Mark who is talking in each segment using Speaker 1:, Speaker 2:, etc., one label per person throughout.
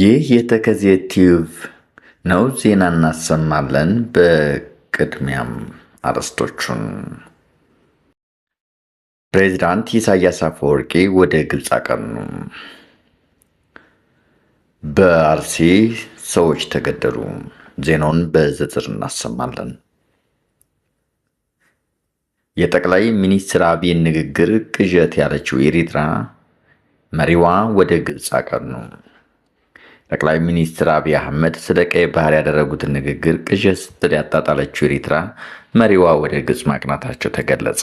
Speaker 1: ይህ የተከዜ ቲዩብ ነው። ዜና እናሰማለን። በቅድሚያም አርዕስቶቹን ፕሬዚዳንት ኢሳያስ አፈወርቂ ወደ ግብፅ አቀኑ። በአርሲ ሰዎች ተገደሉ። ዜናውን በዝርዝር እናሰማለን። የጠቅላይ ሚኒስትር አብይ ንግግር ቅዠት ያለችው ኤሪትራ መሪዋ ወደ ግብፅ አቀኑ። ጠቅላይ ሚኒስትር አብይ አህመድ ስለ ቀይ ባህር ያደረጉትን ንግግር ቅዠት ስትል ያጣጣለችው ኤሪትራ መሪዋ ወደ ግብፅ ማቅናታቸው ተገለጸ።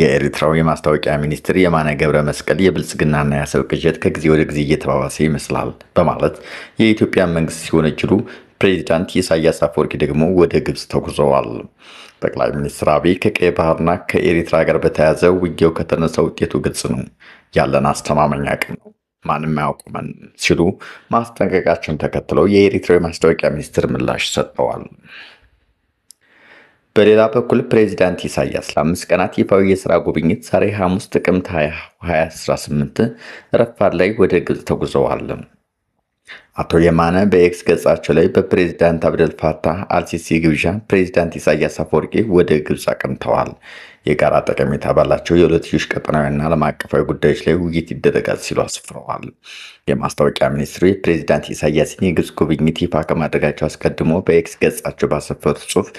Speaker 1: የኤሪትራው የማስታወቂያ ሚኒስትር የማነ ገብረ መስቀል የብልጽግናና የአሰብ ቅዠት ከጊዜ ወደ ጊዜ እየተባባሰ ይመስላል በማለት የኢትዮጵያ መንግስት ሲወነጅሉ ፕሬዚዳንት ኢሳያስ አፈወርቂ ደግሞ ወደ ግብፅ ተጉዘዋል። ጠቅላይ ሚኒስትር አብይ ከቀይ ባህርና ከኤሪትራ ጋር በተያያዘ ውጊያው ከተነሳ ውጤቱ ግልጽ ነው፣ ያለን አስተማማኝ አቅም ነው ማንም አያውቁም ሲሉ ማስጠንቀቃቸውን ተከትለው የኤሪትራዊ ማስታወቂያ ሚኒስትር ምላሽ ሰጥተዋል። በሌላ በኩል ፕሬዚዳንት ኢሳያስ ለአምስት ቀናት ይፋዊ የስራ ጉብኝት ዛሬ ሐሙስ ጥቅምት 2018 ረፋድ ላይ ወደ ግብፅ ተጉዘዋል። አቶ የማነ በኤክስ ገጻቸው ላይ በፕሬዚዳንት አብደልፋታህ አልሲሲ ግብዣ ፕሬዚዳንት ኢሳያስ አፈወርቂ ወደ ግብፅ አቅንተዋል። የጋራ ጠቀሜታ ባላቸው የሁለትዮሽ ቀጠናዊና ዓለም አቀፋዊ ጉዳዮች ላይ ውይይት ይደረጋል ሲሉ አስፍረዋል። የማስታወቂያ ሚኒስትሩ የፕሬዚዳንት ኢሳያስን የግብፅ ጉብኝት ይፋ ከማድረጋቸው አስቀድሞ በኤክስ ገጻቸው ባሰፈሩት ጽሑፍ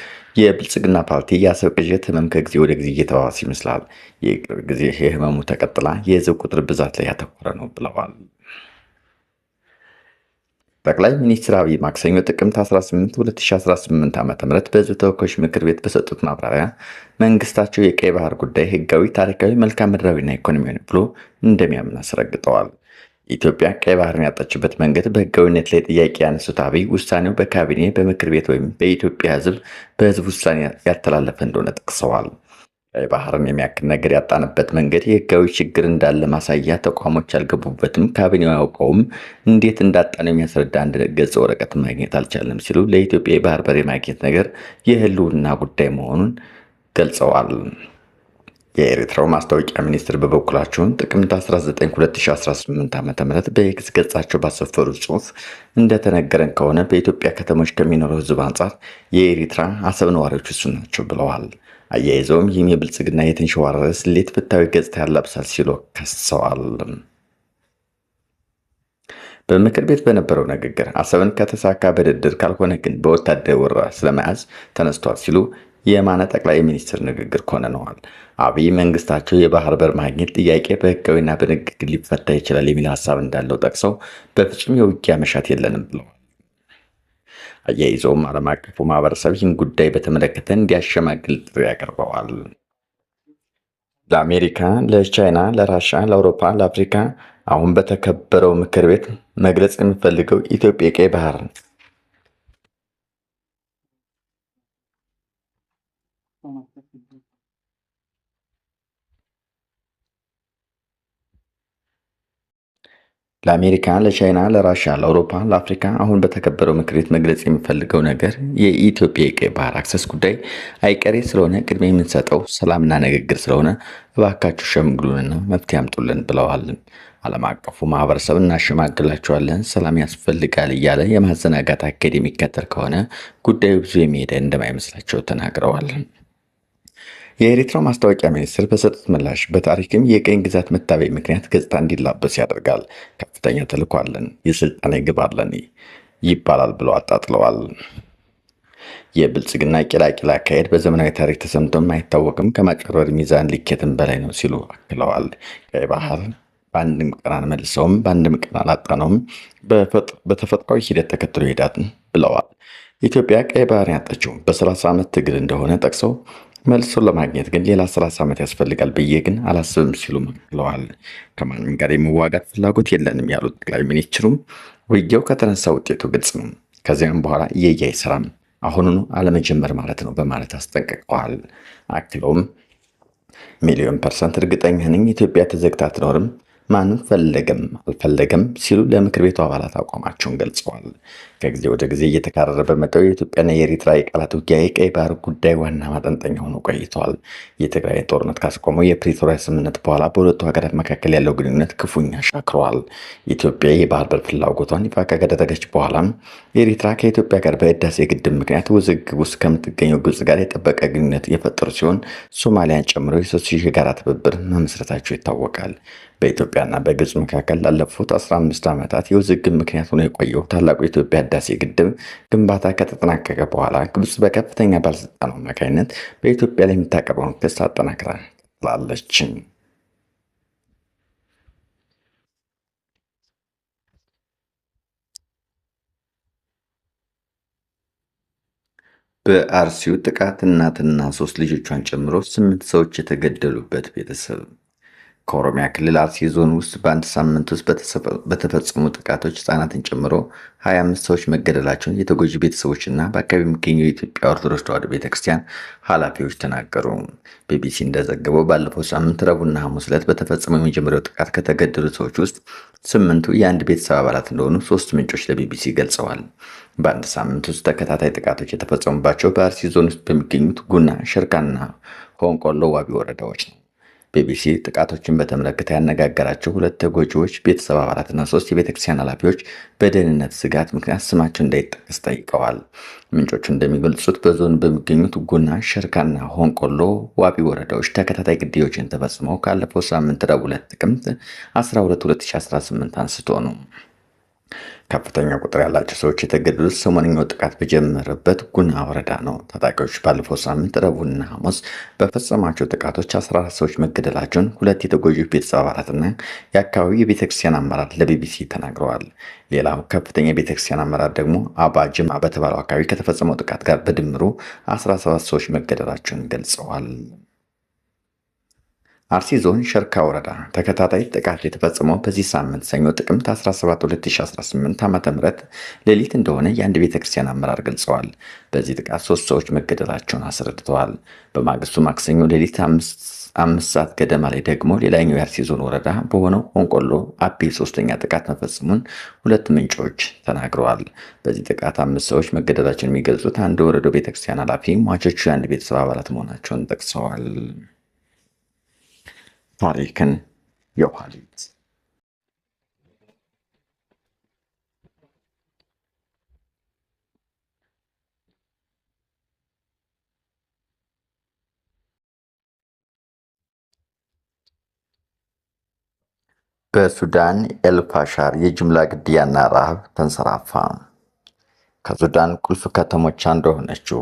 Speaker 1: የብልጽግና ፓርቲ የአሰብ ቅዠት ህመም ከጊዜ ወደ ጊዜ እየተባባሰ ይመስላል፣ የቅርብ ጊዜ የህመሙ ተቀጥላ የህዝብ ቁጥር ብዛት ላይ ያተኮረ ነው ብለዋል። ጠቅላይ ሚኒስትር አብይ ማክሰኞ ጥቅምት 18 2018 ዓ ም በህዝብ ተወካዮች ምክር ቤት በሰጡት ማብራሪያ መንግስታቸው የቀይ ባህር ጉዳይ ህጋዊ፣ ታሪካዊ፣ መልካም ምድራዊና ኢኮኖሚያዊ ብሎ እንደሚያምን አስረግጠዋል። ኢትዮጵያ ቀይ ባህርን ያጣችበት መንገድ በህጋዊነት ላይ ጥያቄ ያነሱት አብይ ውሳኔው በካቢኔ በምክር ቤት ወይም በኢትዮጵያ ህዝብ በህዝብ ውሳኔ ያተላለፈ እንደሆነ ጠቅሰዋል። ባህርን የሚያክል ነገር ያጣንበት መንገድ የህጋዊ ችግር እንዳለ ማሳያ ተቋሞች አልገቡበትም፣ ካቢኔው ያውቀውም እንዴት እንዳጣነው የሚያስረዳ አንድ ገጽ ወረቀት ማግኘት አልቻለም ሲሉ ለኢትዮጵያ የባህር በር ማግኘት ነገር የህልውና ጉዳይ መሆኑን ገልጸዋል። የኤርትራው ማስታወቂያ ሚኒስትር በበኩላቸውን ጥቅምት 19 2018 ዓ ም በኤክስ ገጻቸው ባሰፈሩ ጽሁፍ እንደተነገረን ከሆነ በኢትዮጵያ ከተሞች ከሚኖረው ህዝብ አንጻር የኤርትራ አሰብ ነዋሪዎች እሱ ናቸው ብለዋል። አያይዘውም ይህም የብልጽግና የተንሸዋረረ ስሌት ፍትሐዊ ገጽታ ያላብሳል ሲሉ ከሰዋል። በምክር ቤት በነበረው ንግግር አሰብን ከተሳካ በድርድር ካልሆነ ግን በወታደር ወረራ ስለመያዝ ተነስቷል ሲሉ የማነ ጠቅላይ ሚኒስትር ንግግር ኮንነዋል። አብይ መንግስታቸው የባህር በር ማግኘት ጥያቄ በህጋዊና በንግግር ሊፈታ ይችላል የሚል ሀሳብ እንዳለው ጠቅሰው በፍጹም የውጊያ መሻት የለንም ብለዋል። አያይዘውም ዓለም አቀፉ ማህበረሰብ ይህን ጉዳይ በተመለከተ እንዲያሸማግል ጥሪ ያቀርበዋል። ለአሜሪካ፣ ለቻይና፣ ለራሻ፣ ለአውሮፓ፣ ለአፍሪካ አሁን በተከበረው ምክር ቤት መግለጽ የምፈልገው ኢትዮጵያ ቀይ ባህር ለአሜሪካ፣ ለቻይና፣ ለራሽያ፣ ለአውሮፓ፣ ለአፍሪካ አሁን በተከበረው ምክር ቤት መግለጽ የሚፈልገው ነገር የኢትዮጵያ የቀይ ባህር አክሰስ ጉዳይ አይቀሬ ስለሆነ ቅድሚያ የምንሰጠው ሰላምና ንግግር ስለሆነ እባካችሁ ሸምግሉንና መፍትሄ ያምጡልን ብለዋል። ዓለም አቀፉ ማህበረሰብ እናሸማግላቸዋለን፣ ሰላም ያስፈልጋል እያለ የማዘናጋት አካሄድ የሚከተል ከሆነ ጉዳዩ ብዙ የሚሄደ እንደማይመስላቸው ተናግረዋል። የኤርትራው ማስታወቂያ ሚኒስትር በሰጡት ምላሽ በታሪክም የቀኝ ግዛት መታበይ ምክንያት ገጽታ እንዲላበስ ያደርጋል። ከፍተኛ ተልዕኮ አለን፣ የስልጣኔ ግብ አለን ይባላል ብለው አጣጥለዋል። የብልጽግና ቂላቂል አካሄድ በዘመናዊ ታሪክ ተሰምቶም አይታወቅም፣ ከማጭበርበር ሚዛን ልኬትም በላይ ነው ሲሉ አክለዋል። ቀይ ባህር በአንድም ቀን አንመልሰውም፣ በአንድም ቀን አላጣነውም፣ በተፈጥሯዊ ሂደት ተከትሎ ይሄዳል ብለዋል። ኢትዮጵያ ቀይ ባህርን ያጣችው በ30 ዓመት ትግል እንደሆነ ጠቅሰው መልሱን ለማግኘት ግን ሌላ ሰላሳ ዓመት ያስፈልጋል ብዬ ግን አላስብም ሲሉ መክለዋል። ከማንም ጋር የመዋጋት ፍላጎት የለንም ያሉት ጠቅላይ ሚኒስትሩም ውጊያው ከተነሳ ውጤቱ ግልጽ ነው፣ ከዚያም በኋላ እየየ አይሰራም፣ አሁኑኑ አለመጀመር ማለት ነው በማለት አስጠንቅቀዋል። አክለውም ሚሊዮን ፐርሰንት እርግጠኛ ነኝ ኢትዮጵያ ተዘግታ አትኖርም ማንም ፈለገም አልፈለገም ሲሉ ለምክር ቤቱ አባላት አቋማቸውን ገልጸዋል። ከጊዜ ወደ ጊዜ እየተካረረ በመጣው የኢትዮጵያና የኤርትራ የቃላት ውጊያ የቀይ ባህር ጉዳይ ዋና ማጠንጠኛ ሆኖ ቆይተዋል። የትግራይ ጦርነት ካስቆመው የፕሪቶሪያ ስምምነት በኋላ በሁለቱ ሀገራት መካከል ያለው ግንኙነት ክፉኛ ሻክረዋል። ኢትዮጵያ የባህር በር ፍላጎቷን ይፋ ካደረገች በኋላ ኤርትራ ከኢትዮጵያ ጋር በህዳሴ ግድብ ምክንያት ውዝግብ ውስጥ ከምትገኘው ግብጽ ጋር የጠበቀ ግንኙነት የፈጠሩ ሲሆን ሶማሊያን ጨምሮ የሶስትዮሽ የጋራ ትብብር መመስረታቸው ይታወቃል። በኢትዮጵያና በግብጽ መካከል ላለፉት 15 ዓመታት የውዝግብ ምክንያት ሆኖ የቆየው ታላቁ የኢትዮጵያ የህዳሴ ግድብ ግንባታ ከተጠናቀቀ በኋላ ግብጽ በከፍተኛ ባለስልጣኑ አማካኝነት በኢትዮጵያ ላይ የምታቀርበውን ክስ አጠናክራ ቀጥላለች። በአርሲው ጥቃት እናትና ሶስት ልጆቿን ጨምሮ ስምንት ሰዎች የተገደሉበት ቤተሰብ ከኦሮሚያ ክልል አርሲ ዞን ውስጥ በአንድ ሳምንት ውስጥ በተፈጸሙ ጥቃቶች ህጻናትን ጨምሮ 25 ሰዎች መገደላቸውን የተጎጂ ቤተሰቦችና በአካባቢ የሚገኙ የኢትዮጵያ ኦርቶዶክስ ተዋሕዶ ቤተክርስቲያን ኃላፊዎች ተናገሩ። ቢቢሲ እንደዘገበው ባለፈው ሳምንት ረቡዕና ሐሙስ ዕለት በተፈጸመው የመጀመሪያው ጥቃት ከተገደሉ ሰዎች ውስጥ ስምንቱ የአንድ ቤተሰብ አባላት እንደሆኑ ሶስት ምንጮች ለቢቢሲ ገልጸዋል። በአንድ ሳምንት ውስጥ ተከታታይ ጥቃቶች የተፈጸሙባቸው በአርሲ ዞን ውስጥ በሚገኙት ጉና፣ ሸርካና ሆንቆሎ ዋቢ ወረዳዎች ነው። ቢቢሲ ጥቃቶችን በተመለከተ ያነጋገራቸው ሁለት ተጎጂዎች ቤተሰብ አባላትና ሶስት የቤተክርስቲያን ኃላፊዎች በደህንነት ስጋት ምክንያት ስማቸው እንዳይጠቀስ ጠይቀዋል። ምንጮቹ እንደሚገልጹት በዞኑ በሚገኙት ጉና፣ ሸርካና ሆንቆሎ ዋቢ ወረዳዎች ተከታታይ ግድያዎችን ተፈጽመው ካለፈው ሳምንት ረቡዕ ዕለት ጥቅምት 12 2018 አንስቶ ነው። ከፍተኛ ቁጥር ያላቸው ሰዎች የተገደሉት ሰሞነኛው ጥቃት በጀመረበት ጉና ወረዳ ነው። ታጣቂዎች ባለፈው ሳምንት ረቡዕና ሐሙስ በፈጸማቸው ጥቃቶች 14 ሰዎች መገደላቸውን ሁለት የተጎጂዎች ቤተሰብ አባላትና የአካባቢው የቤተክርስቲያን አመራር ለቢቢሲ ተናግረዋል። ሌላው ከፍተኛ የቤተክርስቲያን አመራር ደግሞ አባ ጅማ በተባለው አካባቢ ከተፈጸመው ጥቃት ጋር በድምሩ 17 ሰዎች መገደላቸውን ገልጸዋል። አርሲ ዞን ሸርካ ወረዳ ተከታታይ ጥቃት የተፈጸመው በዚህ ሳምንት ሰኞ ጥቅምት 17 2018 ዓ ም ሌሊት እንደሆነ የአንድ ቤተ ክርስቲያን አመራር ገልጸዋል። በዚህ ጥቃት ሶስት ሰዎች መገደላቸውን አስረድተዋል። በማግስቱ ማክሰኞ ሌሊት አምስት ሰዓት ገደማ ላይ ደግሞ ሌላኛው የአርሲ ዞን ወረዳ በሆነው ሆንቆሎ አቤ ሶስተኛ ጥቃት መፈጸሙን ሁለት ምንጮች ተናግረዋል። በዚህ ጥቃት አምስት ሰዎች መገደላቸውን የሚገልጹት አንድ ወረዶ ቤተክርስቲያን ኃላፊ ሟቾቹ የአንድ ቤተሰብ አባላት መሆናቸውን ጠቅሰዋል። ታሪክን የኋሊት በሱዳን ኤልፋሻር የጅምላ ግድያና ረሃብ ተንሰራፋ። ከሱዳን ቁልፍ ከተሞች አንዱ የሆነችው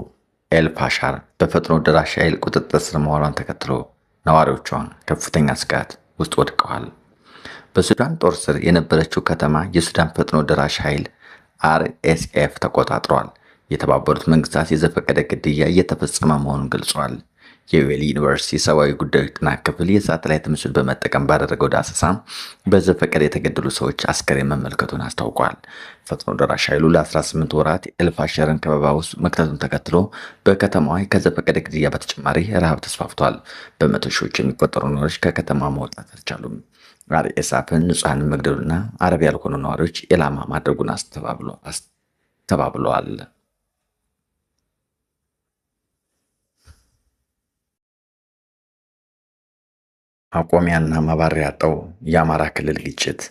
Speaker 1: ኤልፋሻር በፈጥኖ ደራሽ ኃይል ቁጥጥር ስር መሆኗን ተከትሎ ነዋሪዎቿ ከፍተኛ ስጋት ውስጥ ወድቀዋል። በሱዳን ጦር ስር የነበረችው ከተማ የሱዳን ፈጥኖ ደራሽ ኃይል አርኤስኤፍ ተቆጣጥሯል። የተባበሩት መንግስታት የዘፈቀደ ግድያ እየተፈጸመ መሆኑን ገልጿል። የዌል ዩኒቨርሲቲ ሰብዊ ጉዳዮች ጥናት ክፍል የሳተላይት ምስል በመጠቀም ባደረገው ዳሰሳ በዘፈቀድ የተገደሉ ሰዎች አስከሬን መመልከቱን አስታውቋል። ፈጥኖ ደራሽ ኃይሉ ለ18 ወራት ኤልፋሸርን ከበባ ውስጥ መክተቱን ተከትሎ በከተማዋ ከዘፈቀደ ግድያ በተጨማሪ ረሃብ ተስፋፍቷል። በመቶ ሺዎች የሚቆጠሩ ነዋሪዎች ከከተማ መውጣት አልቻሉም። አርኤስአፍን ንጹሐንን መግደሉና አረብ ያልሆኑ ነዋሪዎች ኢላማ ማድረጉን አስተባብለዋል። ማቆሚያና ማባሪያ ያጣው የአማራ ክልል ግጭት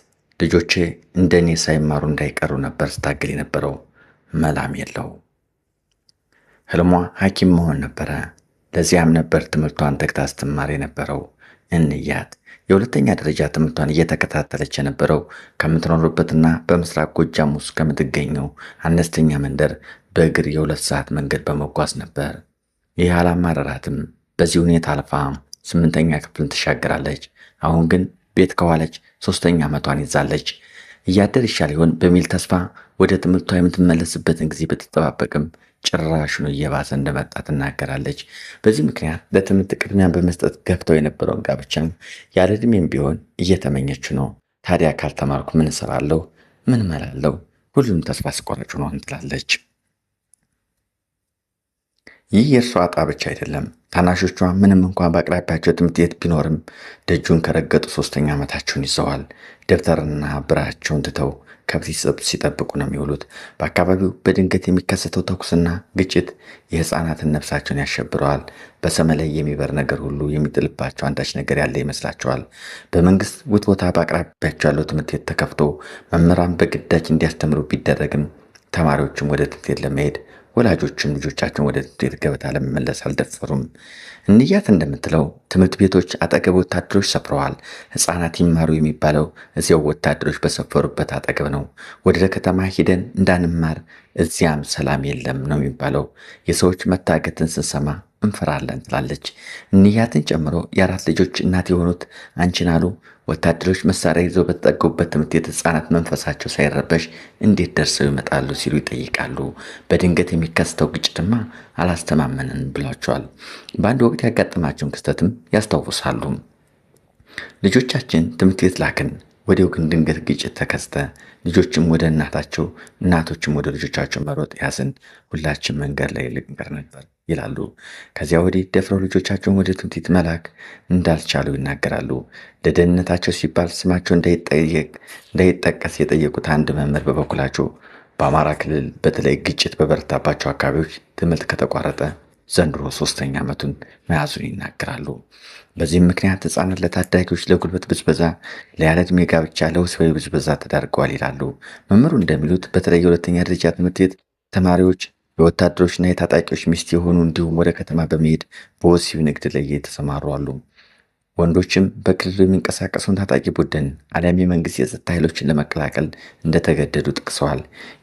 Speaker 1: ልጆቼ እንደ እኔ ሳይማሩ እንዳይቀሩ ነበር ስታግል የነበረው። መላም የለው። ህልሟ ሐኪም መሆን ነበረ። ለዚያም ነበር ትምህርቷን ተግታ ስትማር የነበረው። እንያት የሁለተኛ ደረጃ ትምህርቷን እየተከታተለች የነበረው ከምትኖርበትና በምስራቅ ጎጃም ውስጥ ከምትገኘው አነስተኛ መንደር በእግር የሁለት ሰዓት መንገድ በመጓዝ ነበር። ይህ አላማረራትም። በዚህ ሁኔታ አልፋም ስምንተኛ ክፍልን ትሻገራለች። አሁን ግን ቤት ከዋለች ሶስተኛ ዓመቷን ይዛለች። እያደር ይሻል ይሆን በሚል ተስፋ ወደ ትምህርቷ የምትመለስበትን ጊዜ ብትጠባበቅም ጭራሹን እየባሰ እንደመጣ ትናገራለች። በዚህ ምክንያት ለትምህርት ቅድሚያ በመስጠት ገፍተው የነበረውን ጋብቻም ያለ ዕድሜም ቢሆን እየተመኘች ነው። ታዲያ ካልተማርኩ ምን እሰራለሁ? ምን እመላለሁ? ሁሉም ተስፋ አስቆራጭ ነው ትላለች። ይህ የእርሷ ዕጣ ብቻ አይደለም። ታናሾቿ ምንም እንኳ በአቅራቢያቸው ትምህርት ቤት ቢኖርም ደጁን ከረገጡ ሶስተኛ ዓመታቸውን ይዘዋል። ደብተርና ብራቸውን ትተው ከብት ሲጠብቁ ነው የሚውሉት። በአካባቢው በድንገት የሚከሰተው ተኩስና ግጭት የሕፃናትን ነፍሳቸውን ያሸብረዋል። በሰመ ላይ የሚበር ነገር ሁሉ የሚጥልባቸው አንዳች ነገር ያለ ይመስላቸዋል። በመንግስት ውትወታ በአቅራቢያቸው ያለው ትምህርት ቤት ተከፍቶ መምህራን በግዳጅ እንዲያስተምሩ ቢደረግም ተማሪዎችም ወደ ትምህርት ቤት ለመሄድ ወላጆችም ልጆቻቸውን ወደ ትዳር ገበታ ለመመለስ አልደፈሩም። እንያት እንደምትለው ትምህርት ቤቶች አጠገብ ወታደሮች ሰፍረዋል። ሕፃናት ይማሩ የሚባለው እዚያው ወታደሮች በሰፈሩበት አጠገብ ነው። ወደ ከተማ ሂደን እንዳንማር እዚያም ሰላም የለም ነው የሚባለው። የሰዎች መታገትን ስንሰማ እንፈራለን ትላለች። እንያትን ጨምሮ የአራት ልጆች እናት የሆኑት አንቺን አሉ ወታደሮች መሳሪያ ይዘው በተጠገቡበት ትምህርት ቤት ህፃናት መንፈሳቸው ሳይረበሽ እንዴት ደርሰው ይመጣሉ ሲሉ ይጠይቃሉ። በድንገት የሚከሰተው ግጭትማ አላስተማመንን ብሏቸዋል። በአንድ ወቅት በወቅት ያጋጠማቸውን ክስተትም ያስታውሳሉ። ልጆቻችን ትምህርት ቤት ላክን። ወዲያው ግን ድንገት ግጭት ተከስተ። ልጆችም ወደ እናታቸው፣ እናቶችም ወደ ልጆቻቸው መሮጥ ያስን። ሁላችን መንገድ ላይ ልንቀር ነበር ይላሉ። ከዚያ ወዲህ ደፍረው ልጆቻቸውን ወደ ትምህርት ቤት መላክ እንዳልቻሉ ይናገራሉ። ለደህንነታቸው ሲባል ስማቸው እንዳይጠቀስ የጠየቁት አንድ መምህር በበኩላቸው በአማራ ክልል በተለይ ግጭት በበረታባቸው አካባቢዎች ትምህርት ከተቋረጠ ዘንድሮ ሶስተኛ ዓመቱን መያዙን ይናገራሉ። በዚህም ምክንያት ህፃናት ለታዳጊዎች ለጉልበት ብዝበዛ፣ ለያለ ዕድሜ ጋብቻ፣ ለወሲባዊ ብዝበዛ ተዳርገዋል ይላሉ። መምህሩ እንደሚሉት በተለይ የሁለተኛ ደረጃ ትምህርት ቤት ተማሪዎች የወታደሮችና የታጣቂዎች ሚስት የሆኑ እንዲሁም ወደ ከተማ በመሄድ በወሲብ ንግድ ላይ የተሰማሩ አሉ። ወንዶችም በክልሉ የሚንቀሳቀሱን ታጣቂ ቡድን አሊያም የመንግስት የጸጥታ ኃይሎችን ለመቀላቀል እንደተገደዱ ጠቅሰዋል።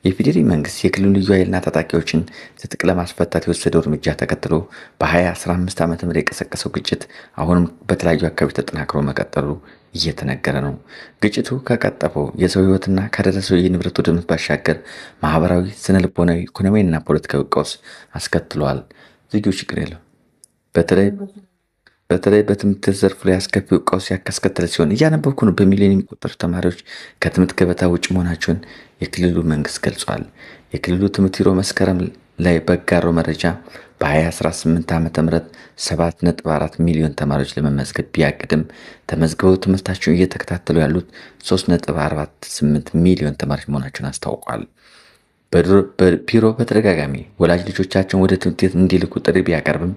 Speaker 1: የፌዴሪ መንግስት የክልሉ ልዩ ኃይልና ታጣቂዎችን ትጥቅ ለማስፈታት የወሰደው እርምጃ ተከትሎ በ2015 ዓ ም የቀሰቀሰው ግጭት አሁንም በተለያዩ አካባቢ ተጠናክሮ መቀጠሉ እየተነገረ ነው። ግጭቱ ከቀጠፈው የሰው ህይወትና ከደረሰው የንብረት ውድመት ባሻገር ማህበራዊ፣ ስነ ልቦናዊ፣ ኢኮኖሚያዊና ፖለቲካዊ ቀውስ አስከትሏል። ዝጊው ችግር የለው በተለይ በተለይ በትምህርት ዘርፍ ላይ አስከፊ ቀውስ ያስከተለ ሲሆን እያነበብኩ ነው፣ በሚሊዮን የሚቆጠሩ ተማሪዎች ከትምህርት ገበታ ውጭ መሆናቸውን የክልሉ መንግስት ገልጿል። የክልሉ ትምህርት ቢሮ መስከረም ላይ በጋሮ መረጃ በ2018 ዓ ም 7.4 ሚሊዮን ተማሪዎች ለመመዝገብ ቢያቅድም ተመዝግበው ትምህርታቸውን እየተከታተሉ ያሉት 3.48 ሚሊዮን ተማሪዎች መሆናቸውን አስታውቋል። ቢሮ በተደጋጋሚ ወላጅ ልጆቻቸውን ወደ ትምህርት ቤት እንዲልኩ ጥሪ ቢያቀርብም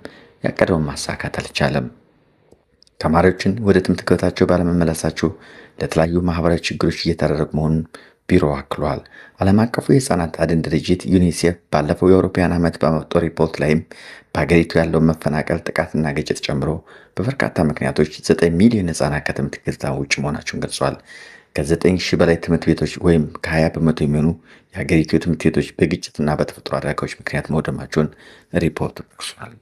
Speaker 1: ያቀደውን ማሳካት አልቻለም። ተማሪዎችን ወደ ትምህርት ገበታቸው ባለመመለሳቸው ለተለያዩ ማህበራዊ ችግሮች እየተደረጉ መሆኑን ቢሮ አክሏል። ዓለም አቀፉ የህፃናት አድን ድርጅት ዩኒሴፍ ባለፈው የአውሮፓውያን ዓመት በመጦ ሪፖርት ላይም በሀገሪቱ ያለውን መፈናቀል፣ ጥቃትና ግጭት ጨምሮ በበርካታ ምክንያቶች 9 ሚሊዮን ህፃናት ከትምህርት ገበታ ውጭ መሆናቸውን ገልጿል። ከ9 ሺህ በላይ ትምህርት ቤቶች ወይም ከ20 በመቶ የሚሆኑ የሀገሪቱ ትምህርት ቤቶች በግጭትና በተፈጥሮ አደጋዎች ምክንያት መውደማቸውን ሪፖርት ጠቅሷል።